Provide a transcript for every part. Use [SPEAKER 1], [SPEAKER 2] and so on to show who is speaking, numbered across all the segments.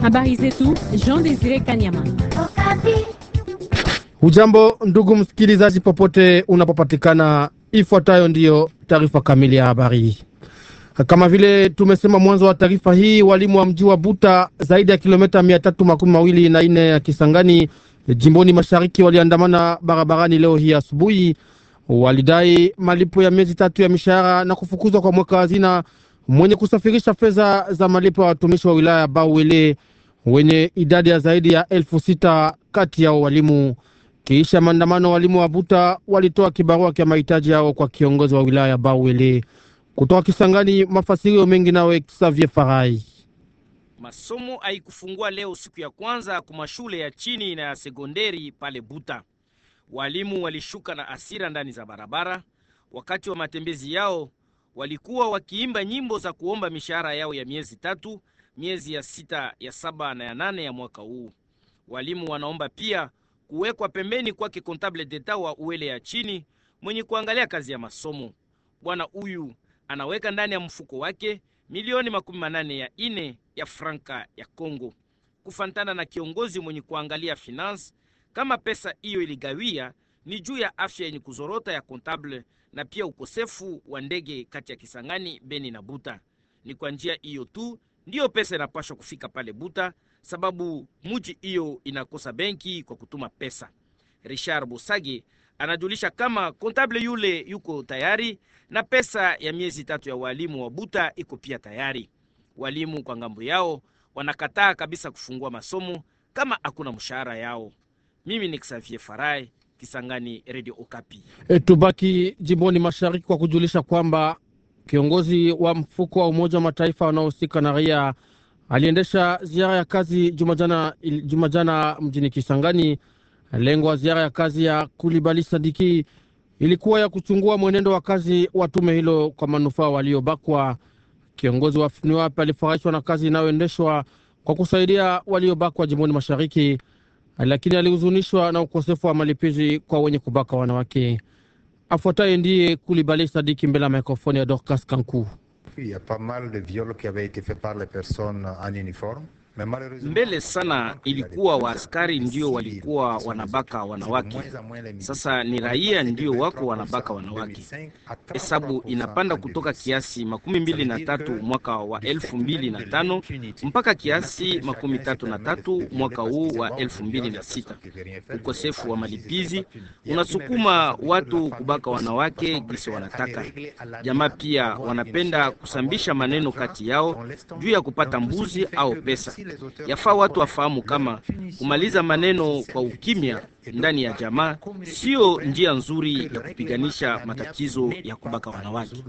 [SPEAKER 1] Habari zetu Jean Desire Kanyama.
[SPEAKER 2] Hujambo ndugu msikilizaji, popote unapopatikana, ifuatayo ndiyo taarifa kamili ya habari. Kama vile tumesema mwanzo wa taarifa hii, walimu wa mji wa Buta, zaidi ya kilomita mia tatu makumi mawili na nne ya Kisangani, jimboni mashariki, waliandamana barabarani leo hii asubuhi. Walidai malipo ya miezi tatu ya mishahara na kufukuzwa kwa mwaka hazina mwenye kusafirisha fedha za malipo ya watumishi wa wilaya ya bawele wenye idadi ya zaidi ya elfu sita kati yao walimu. Kisha maandamano, walimu wa Buta walitoa kibarua kya mahitaji yao kwa kiongozi wa wilaya ya bawele Kutoka Kisangani, mafasirio mengi nawe Xavier Farai.
[SPEAKER 3] Masomo haikufungua leo siku ya kwanza kwa mashule ya chini na ya sekondari pale Buta. Walimu walishuka na asira ndani za barabara wakati wa matembezi yao walikuwa wakiimba nyimbo za kuomba mishahara yao ya miezi tatu, miezi ya sita, ya saba na ya nane ya mwaka huu. Walimu wanaomba pia kuwekwa pembeni kwake Contable deta wa uwele ya chini mwenye kuangalia kazi ya masomo. Bwana huyu anaweka ndani ya mfuko wake milioni makumi manane ya ine ya franka ya Congo, kufantana na kiongozi mwenye kuangalia finance. Kama pesa hiyo iligawia, ni juu ya afya yenye kuzorota ya Contable na pia ukosefu wa ndege kati ya Kisangani, Beni na Buta. Ni kwa njia hiyo tu ndiyo pesa inapashwa kufika pale Buta, sababu muji hiyo inakosa benki kwa kutuma pesa. Richard Busage anajulisha kama kontable yule yuko tayari na pesa ya miezi tatu ya walimu wa Buta iko pia tayari. Walimu kwa ngambo yao wanakataa kabisa kufungua masomo kama hakuna mshahara yao. Mimi ni Xavier Farai Kisangani, Radio Okapi.
[SPEAKER 2] E, tubaki jimboni mashariki kwa kujulisha kwamba kiongozi wa mfuko wa Umoja wa Mataifa wanaohusika na raia aliendesha ziara ya kazi Jumajana, Jumajana mjini Kisangani. Lengo ya ziara ya kazi ya Kulibali Sadiki ilikuwa ya kuchungua mwenendo wa kazi wa tume hilo kwa manufaa waliobakwa. Kiongozi wa FNUAP alifurahishwa na kazi inayoendeshwa kwa kusaidia waliobakwa jimboni mashariki lakini alihuzunishwa na ukosefu wa malipizi kwa wenye kubaka wanawake. Afuataye ndiye Kulibali Sadiki mbele ya mikrofoni ya Dorcas
[SPEAKER 4] Kanku.
[SPEAKER 3] Mbele sana ilikuwa waaskari ndio walikuwa wanabaka wanawake, sasa ni raia ndio wako wanabaka wanawake. Hesabu inapanda kutoka kiasi makumi mbili na tatu mwaka wa elfu mbili na tano mpaka kiasi makumi tatu na tatu mwaka huu wa elfu mbili na sita. Ukosefu wa malipizi unasukuma watu kubaka wanawake kisi wanataka. Jamaa pia wanapenda kusambisha maneno kati yao juu ya kupata mbuzi au pesa. Yafaa watu wafahamu kama kumaliza maneno kwa ukimya ndani ya jamaa sio njia nzuri ya kupiganisha matatizo ya kubaka wanawake.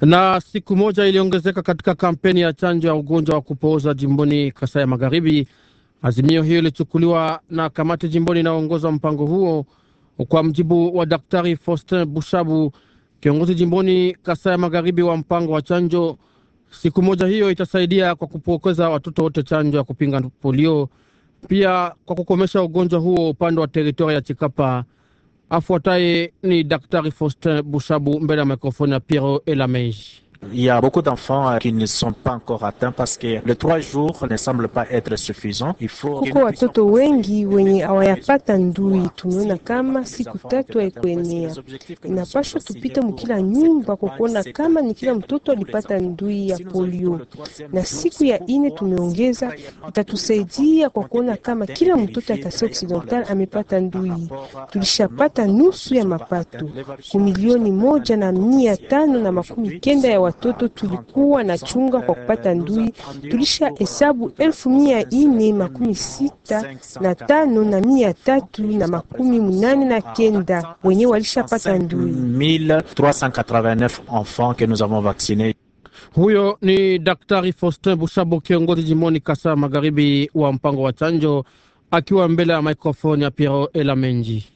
[SPEAKER 2] Na siku moja iliongezeka katika kampeni ya chanjo ya ugonjwa wa kupooza jimboni Kasai Magharibi. Azimio hiyo ilichukuliwa na kamati jimboni inayoongoza mpango huo, kwa mjibu wa Daktari Faustin Bushabu, kiongozi jimboni Kasai ya Magharibi wa mpango wa chanjo Siku moja hiyo itasaidia kwa kupokeza watoto wote chanjo ya kupinga polio, pia kwa kukomesha ugonjwa huo upande wa teritoria ya Chikapa. Afuataye ni Daktari Faustin Bushabu mbele ya mikrofoni
[SPEAKER 3] ya Piero Elameji. Il y a beaucoup d'enfants euh, qui ne sont pas encore atteints parce que les trois jours ne semblent pas être suffisants. Il faut huko
[SPEAKER 1] watoto wengi wenye hawayapata ndui, tumeona kama siku tatu haikuenea. Inapaswa tupite mkila nyumba kwa kuona kama ni kila mtoto alipata ndui ya polio, na siku ya ine tumeongeza, itatusaidia kwa kuona kama kila mtoto Kasai Occidental amepata ndui. Tulishapata nusu ya mapato kumilioni moja na mia tano na makumi kenda ya watoto tulikuwa na chunga kwa kupata ndui, tulisha hesabu elfu mia ine makumi sita na tano na mia tatu na makumi munane na kenda wenye walishapata ndui.
[SPEAKER 3] 1389 enfants que nous avons vaccines. Huyo ni Daktari Faustin
[SPEAKER 2] Busabo, kiongozi jimoni Kasa magharibi wa mpango wa chanjo, akiwa mbele ya maikrofoni ya Piero Elamenji.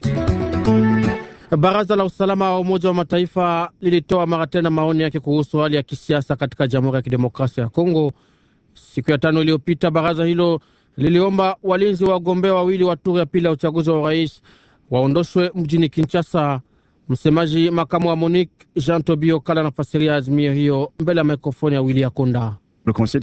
[SPEAKER 2] Baraza la usalama wa Umoja wa Mataifa lilitoa mara tena maoni yake kuhusu hali ya kisiasa katika Jamhuri ya Kidemokrasia ya Kongo. Siku ya tano iliyopita, baraza hilo liliomba walinzi wa wagombea wawili wa turi ya pili ya uchaguzi wa urais waondoshwe mjini Kinshasa. Msemaji makamu wa Monique Jean Tobio Kala anafasiria azimio hiyo mbele ya mikrofoni ya Wili ya Konda.
[SPEAKER 4] Le Conseil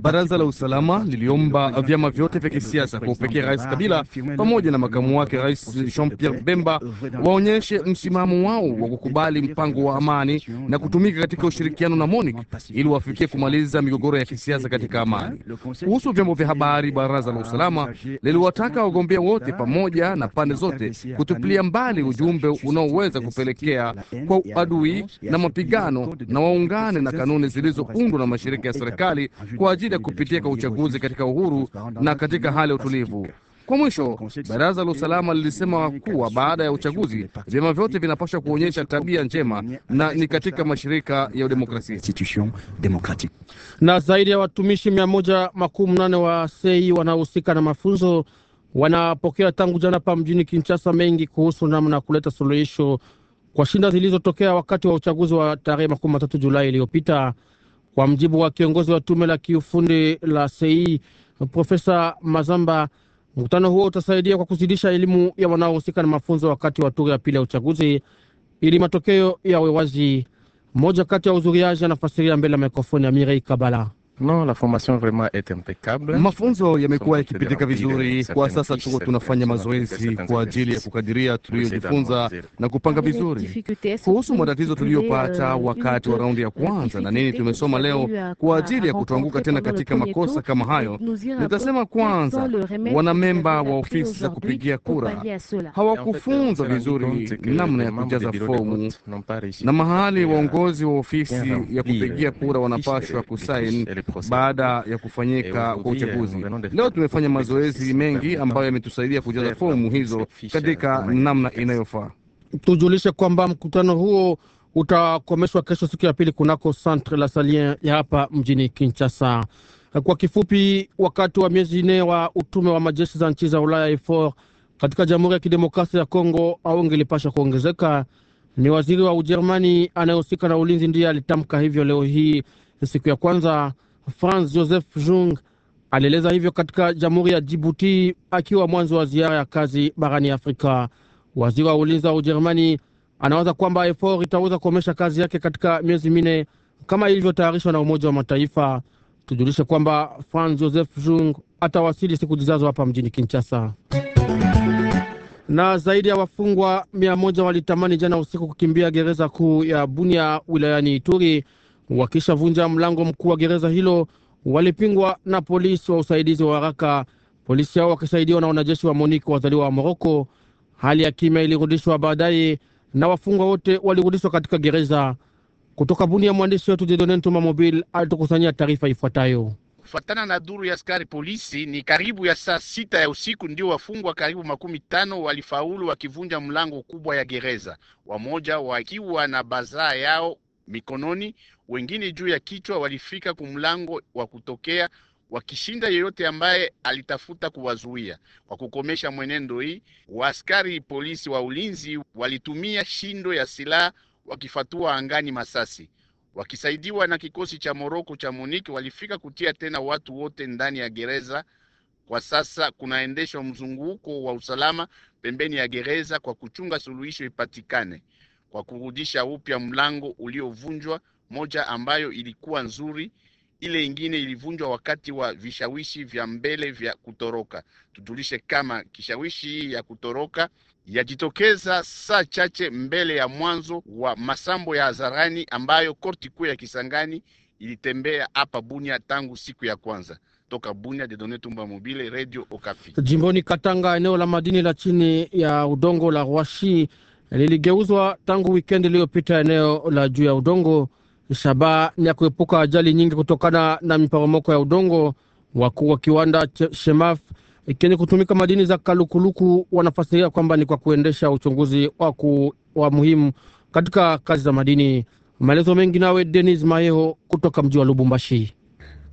[SPEAKER 4] Baraza
[SPEAKER 5] la usalama liliomba vyama vyote vya kisiasa kwa upekee Rais Kabila pamoja na makamu wake Rais Jean-Pierre Bemba waonyeshe msimamo wao wa kukubali mpango wa amani na kutumika katika ushirikiano na MONUC ili wafikie kumaliza migogoro ya kisiasa katika amani. Kuhusu vyombo vya habari, Baraza la usalama liliwataka wagombea wote pamoja na pande zote kutupilia mbali ujumbe unaoweza kupelekea kwa adui na mapigano na waungane na kanuni zilizo kuundwa na mashirika ya serikali kwa ajili ya kupitia kwa uchaguzi katika uhuru na katika hali ya utulivu. Kwa mwisho, baraza la usalama lilisema kuwa baada ya uchaguzi vyama vyote vinapaswa kuonyesha tabia njema, na ni katika mashirika ya demokrasia. Na zaidi ya
[SPEAKER 2] watumishi mia moja makumi nane wa sei wanaohusika na mafunzo wanapokea tangu jana pa mjini Kinshasa mengi kuhusu namna kuleta suluhisho kwa shinda zilizotokea wakati wa uchaguzi wa tarehe makumi matatu Julai iliyopita. Kwa mjibu wa kiongozi wa tume la kiufundi la sei Profesa Mazamba, mkutano huo utasaidia kwa kuzidisha elimu ya wanaohusika na mafunzo wakati wa turi ya pili ya uchaguzi ili matokeo yawe wazi. Mmoja kati ya uzuriaji anafasiria mbele ya mikrofoni ya Mirei Kabala. No, la formation vraiment est
[SPEAKER 5] impeccable. Mafunzo yamekuwa yakipitika vizuri. Kwa sasa tuko tunafanya mazoezi kwa ajili ya kukadiria tuliyojifunza na kupanga vizuri kuhusu matatizo tuliyopata euh, wakati wa raundi ya kwanza na nini tumesoma leo kwa ajili ya kutoanguka tena katika makosa kama hayo. Nitasema kwanza, wanamemba wa ofisi za kupigia kura hawakufunza vizuri namna ya kujaza fomu na mahali waongozi wa ofisi ya kupigia kura wanapaswa kusaini baada ya kufanyika kwa uchaguzi. Leo tumefanya mazoezi mengi ambayo yametusaidia kujaza fomu hizo katika namna inayofaa.
[SPEAKER 2] Tujulishe kwamba mkutano huo utakomeshwa kesho siku ya pili kunako Centre la Salien ya hapa mjini Kinshasa. Kwa kifupi, wakati wa miezi nne wa utume wa majeshi za nchi za Ulaya EUFOR katika Jamhuri ya Kidemokrasia ya Kongo aungelipasha kuongezeka. Ni waziri wa Ujerumani anayehusika na ulinzi ndiye alitamka hivyo leo hii siku ya kwanza Franz Joseph Jung alieleza hivyo katika jamhuri ya Jibuti akiwa mwanzo wa ziara ya kazi barani Afrika. Waziri wa ulinzi wa Ujerumani anawaza kwamba EFOR itaweza kuomesha kazi yake katika miezi minne kama ilivyotayarishwa na Umoja wa Mataifa. Tujulishe kwamba Franz Joseph Jung atawasili siku zijazo hapa mjini Kinshasa. Na zaidi ya wafungwa mia moja walitamani jana usiku kukimbia gereza kuu ya Bunia wilayani Ituri Wakishavunja mlango mkuu wa gereza hilo, walipingwa na polisi wa usaidizi wa haraka, polisi hao wakisaidiwa na wanajeshi wa Moniko wazaliwa wa Moroko. Hali ya kimya ilirudishwa baadaye na wafungwa wote walirudishwa katika gereza. Kutoka buni ya mwandishi wetu Jedone Ntuma alitukusanyia taarifa ifuatayo.
[SPEAKER 4] Kufatana na duru ya askari polisi, ni karibu ya saa sita ya usiku ndio wafungwa karibu makumi tano walifaulu wakivunja mlango kubwa ya gereza, wamoja wakiwa na bazaa yao mikononi wengine juu ya kichwa, walifika kumlango wa kutokea wakishinda yeyote ambaye alitafuta kuwazuia. Kwa kukomesha mwenendo hii, waaskari polisi wa ulinzi walitumia shindo ya silaha wakifatua angani masasi. Wakisaidiwa na kikosi cha Moroko cha Munich, walifika kutia tena watu wote ndani ya gereza. Kwa sasa kunaendeshwa mzunguko wa usalama pembeni ya gereza kwa kuchunga suluhisho ipatikane kwa kurudisha upya mlango uliovunjwa moja ambayo ilikuwa nzuri, ile ingine ilivunjwa wakati wa vishawishi vya mbele vya kutoroka. Tujulishe kama kishawishi hii ya kutoroka yajitokeza saa chache mbele ya mwanzo wa masambo ya hadharani ambayo korti kuu ya Kisangani ilitembea hapa Bunia tangu siku ya kwanza. Toka Bunia, Dedone Tumba Mobile, Radio Okapi.
[SPEAKER 2] Jimboni Katanga, eneo la madini la chini ya udongo la Rwashi liligeuzwa tangu wikendi iliyopita eneo la juu ya udongo shabaha ni ya kuepuka ajali nyingi kutokana na miporomoko ya udongo. Wakuu wa kiwanda Shemaf kenye kutumika madini za kalukuluku wanafasiria kwamba ni kwa kuendesha uchunguzi waku, wa muhimu katika kazi za madini. Maelezo mengi nawe Denis maheho kutoka mji wa Lubumbashi.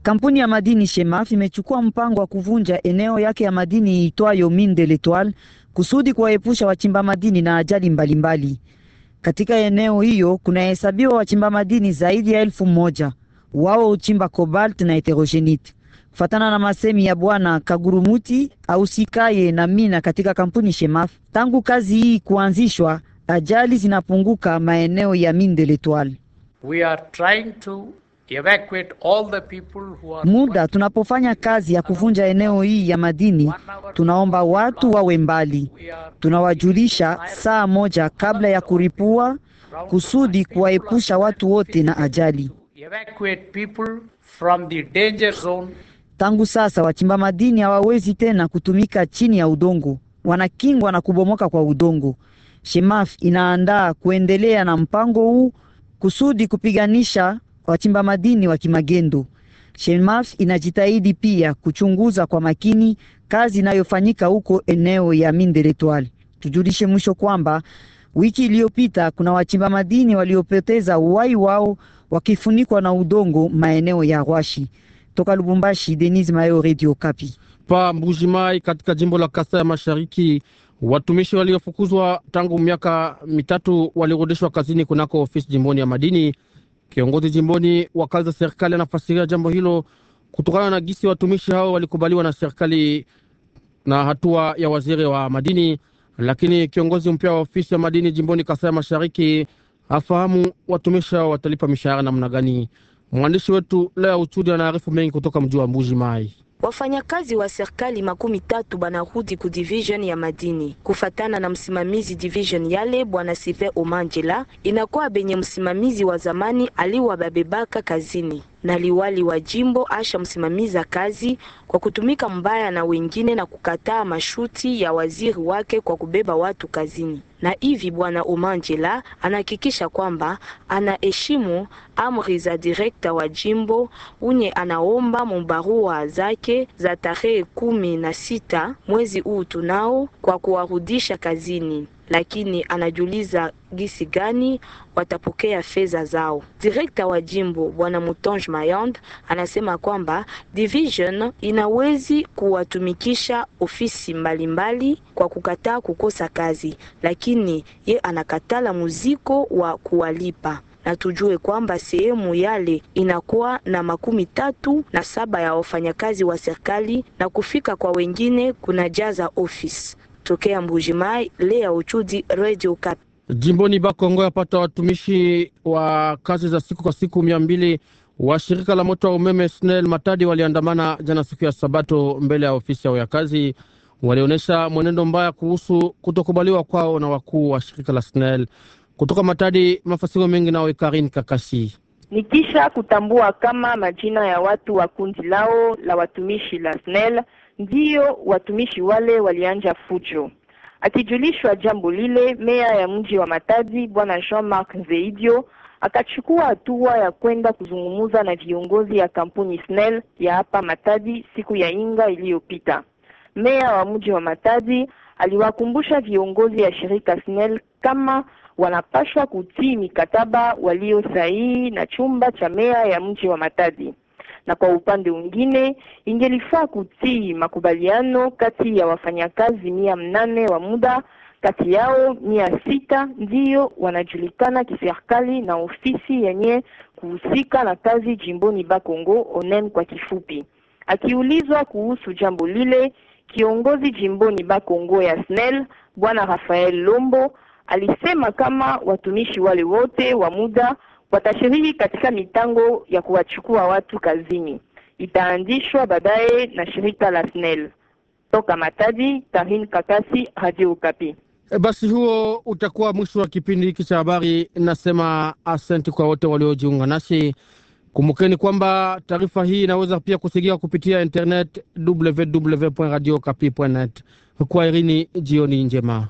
[SPEAKER 6] Kampuni ya madini Shemaf imechukua mpango wa kuvunja eneo yake ya madini iitwayo Mine de l'Etoile kusudi kuwaepusha wachimba madini na ajali mbalimbali mbali. Katika eneo hiyo kunahesabiwa wachimba madini zaidi ya elfu moja. Wao huchimba cobalt na heterogenite. Kufatana na masemi ya Bwana Kagurumuti ausikaye na mina katika kampuni Shemaf, tangu kazi hii kuanzishwa, ajali zinapunguka maeneo ya Mine l'Etoile.
[SPEAKER 3] We are trying to muda
[SPEAKER 6] tunapofanya kazi ya kuvunja eneo hii ya madini, tunaomba watu wawe mbali. Tunawajulisha saa moja kabla ya kuripua kusudi kuwaepusha watu wote na ajali. Tangu sasa wachimba madini hawawezi tena kutumika chini ya udongo, wanakingwa na kubomoka kwa udongo. Shemaf inaandaa kuendelea na mpango huu kusudi kupiganisha wachimba madini wa kimagendo. Shenmars inajitahidi pia kuchunguza kwa makini kazi inayofanyika huko eneo ya Mine Tujulishe mwisho kwamba wiki iliyopita kuna wachimba madini waliopoteza uhai wao wakifunikwa na udongo maeneo ya Rwashi. Toka Lubumbashi, Denis Mayo, Radio Kapi.
[SPEAKER 2] Pa Mbujimai katika jimbo la Kasai ya Mashariki, watumishi waliofukuzwa tangu miaka mitatu walirudishwa kazini kunako ofisi jimboni ya madini Kiongozi jimboni wa kazi za serikali anafasiria jambo hilo kutokana na gisi watumishi hao walikubaliwa na serikali na hatua ya waziri wa madini, lakini kiongozi mpya wa ofisi ya madini jimboni Kasai Mashariki hafahamu watumishi hao watalipa mishahara namna gani. Mwandishi wetu Lea Uchudi anaarifu mengi kutoka mji wa Mbuji Mai.
[SPEAKER 1] Wafanyakazi wa serikali makumi tatu banarudi ku division ya madini kufatana na msimamizi division yale bwana Sipe Omanjela, inakuwa benye msimamizi wa zamani aliwababebaka kazini na liwali wa jimbo Asha msimamiza kazi kwa kutumika mbaya na wengine na kukataa mashuti ya waziri wake kwa kubeba watu kazini. Na hivi bwana Omanjela anahakikisha kwamba anaheshimu amri za direkta wa jimbo unye anaomba mubarua zake za tarehe kumi na sita mwezi huu tunao kwa kuwarudisha kazini lakini anajuliza gisi gani watapokea fedha zao. Direkta wa jimbo Bwana Mutonge Mayonde anasema kwamba division inawezi kuwatumikisha ofisi mbalimbali mbali kwa kukataa kukosa kazi, lakini ye anakatala muziko wa kuwalipa na tujue kwamba sehemu yale inakuwa na makumi tatu na saba ya wafanyakazi wa serikali na kufika kwa wengine kunajaza ofisi. Tokea Mbujimai, Lea Uchudi, Radio Kat.
[SPEAKER 2] Jimboni Bakongo yapata watumishi wa kazi za siku kwa siku mia mbili wa shirika la moto wa umeme SNEL Matadi waliandamana jana siku ya Sabato mbele ya ofisi yao ya kazi. Walionyesha mwenendo mbaya kuhusu kutokubaliwa kwao na wakuu wa shirika la SNEL kutoka Matadi. mafasiko mengi nao karin kakasi
[SPEAKER 7] ni kisha kutambua kama majina ya watu wa kundi lao la watumishi la SNEL Ndiyo watumishi wale walianja fujo. Akijulishwa jambo lile, meya ya mji wa Matadi bwana Jean-Marc zeidio akachukua hatua ya kwenda kuzungumza na viongozi ya kampuni Snell ya hapa Matadi siku ya Inga iliyopita. Meya wa mji wa Matadi aliwakumbusha viongozi ya shirika Snell kama wanapashwa kutii mikataba waliosaini na chumba cha meya ya mji wa Matadi na kwa upande mwingine ingelifaa kutii makubaliano kati ya wafanyakazi mia mnane wa muda kati yao mia sita ndiyo wanajulikana kiserikali na ofisi yenye kuhusika na kazi jimboni Bakongo, onen kwa kifupi. Akiulizwa kuhusu jambo lile, kiongozi jimboni Bakongo ya SNEL Bwana Rafael Lombo alisema kama watumishi wale wote wa muda Watashiriki katika mitango ya kuwachukua watu kazini, itaandishwa baadaye na shirika la SNEL. Toka Matadi, Karin Kakasi,
[SPEAKER 3] Radio Okapi.
[SPEAKER 2] E, basi huo utakuwa mwisho wa kipindi hiki cha habari. Nasema asante kwa wote waliojiunga nasi. Kumbukeni kwamba taarifa hii inaweza pia kusikia kupitia internet www.radiokapi.net. irini, jioni njema.